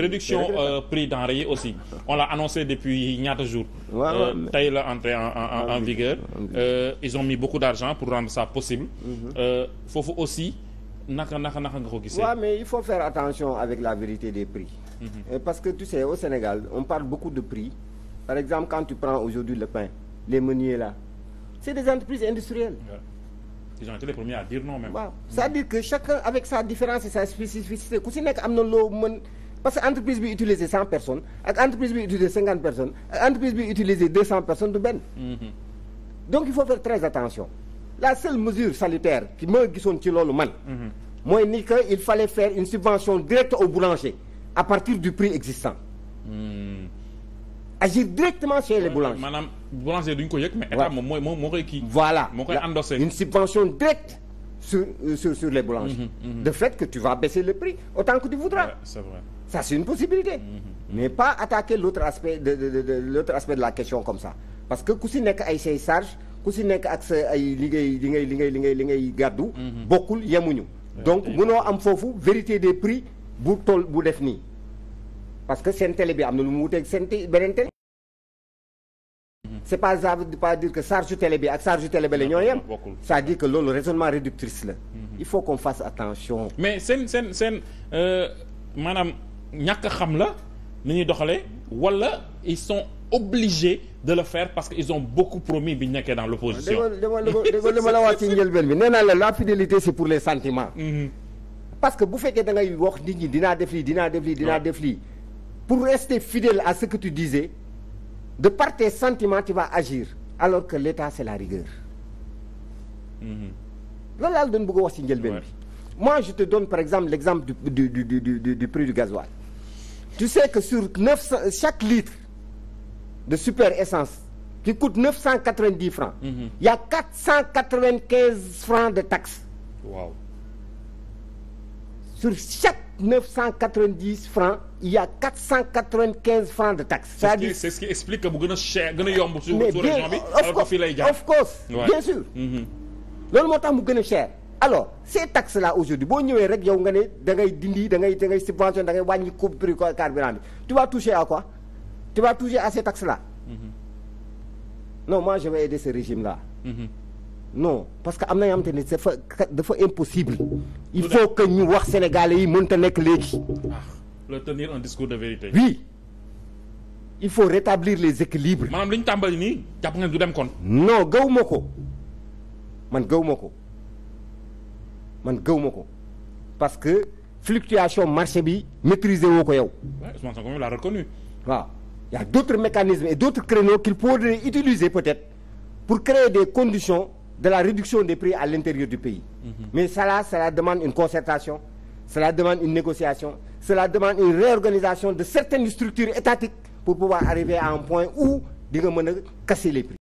réduction euh, prix denrées yi aussi on l'a annoncé depuis ñaata jours euh, tey la entrée en vigueur euh, ils ont mis beaucoup d'argent pour rendre ça possible mm-hmm. euh, foofu aussi naka naka naka nga mais il faut faire attention avec la vérité des prix mm-hmm. parce que tu sais au Sénégal on parle beaucoup de prix par exemple quand tu prends aujourd'hui le pain les meuniers là c'est des entreprises industrielles ils ont été les premiers à dire non c'est-à-dire que chacun parce que entreprise bi utiliser cent personnes ak entreprise bi utiliser cinquante personnes ak entreprise bi utiliser deux cent personnes du benn mm-hmm. donc il faut faire très attention la seule mesure salutaire gisoon ci loolu man mm-hmm. mooy ni que il fallait faire une subvention directe au boulanger à partir du prix existant mm. agir directement chez les boulangers maanaam boulanger duñu ko yëg mais état moom mooy moom moo koy kii voilà moo koy endossé une subvention directe sur euh, sur sur les boulangeries. Mmh, mhm, mmh. de fait que tu vas baisser le prix autant que tu voudras. Ouais, c'est c'est une possibilité. Mhm, mhm. mais pas attaquer l'autre aspect de de, la question comme ça parce que ku si nekk ay say charges ku si nekk ak sa ay liggéey li ngay li ngay li ngay li ngay gàddu. bokkul yemuñu. donc mënoo am foofu vérité des prix bu toll bu def nii parce que seen télé bi am na lu mu wuteeg seen beneen télé. c' est pas ça veut pas dire que charge télé bi ak charge télé bale ñoo yem ça veut dire que loolu raisonnement réductrice la il faut qu'on fasse attention mais seen seen seen maanaam ñàkk xam la ni ñuy doxalee wala ils sont obligés de le faire parce que ils ont beaucoup promis bi ñu nekkee dans l'opposition dégg li ma la wax ci njëlbeen bi nee la la fidélité c'est pour les sentiments parce que bu fekkee da ngay wax nit ñi dinaa def lii dinaa def lii dinaa def lii pour rester à ce de part tes sentiments tu vas agir alors que l'état c'est la rigueur mm-hmm. loolu daal dañ bëgg a wax ci njëlbeen bi moi je te donne par exemple l'exemple du du du prix du gasoil tu sais que sur chaque litre de super essence qui coûte neuf cent quatre-vingt-dix francs mm-hmm. il y a cent quatre quinze francs de taxes waaw sur chaque neuf cent quatre vingt dix francs il y a quatre cent quatre vingt quinze francs de taxe. c'est-à-dire c'est ce qui explique que bu gën a cher gën a yomb. sur région bi alors que fii lay jaar of course bien sûr. Mhm. loolu moo tax mu gën a cher. alors ces taxes là aujourd'hui boo ñëwee rek yow nga ne da ngay dindi da ngay da ngay subvention da ngay wàññi coût prix carburant bi tu vas toucher à quoi tu vas toucher à ces taxes là. Mhm. non moi je vais aider ce régime là. Mhm. non parce que am na yoo xamante ni dafa dafa impossible. il faut que ñu wax sénégalais yi mënta nekk léegi. Ah, le tenir un de vérité. oui il faut rétablir les équilibres. maanaam li ñu tàmbali nii jàpp nga du dem kon. non gaw ma ko man gaw ma ko man gaw ma ko parce que fluctuation marché bi maitriser woo ko yow. waaw Ousmane Sonko l'a reconnu. waaw y a d'autres mécanismes utiliser peut-être pour créer des conditions. de la réduction des prix à l'intérieur du pays. Mhm. Mais cela, cela demande une concertation, cela demande une négociation, cela demande une réorganisation de certaines structures étatiques pour pouvoir arriver à un point où di nga mën a casser les prix.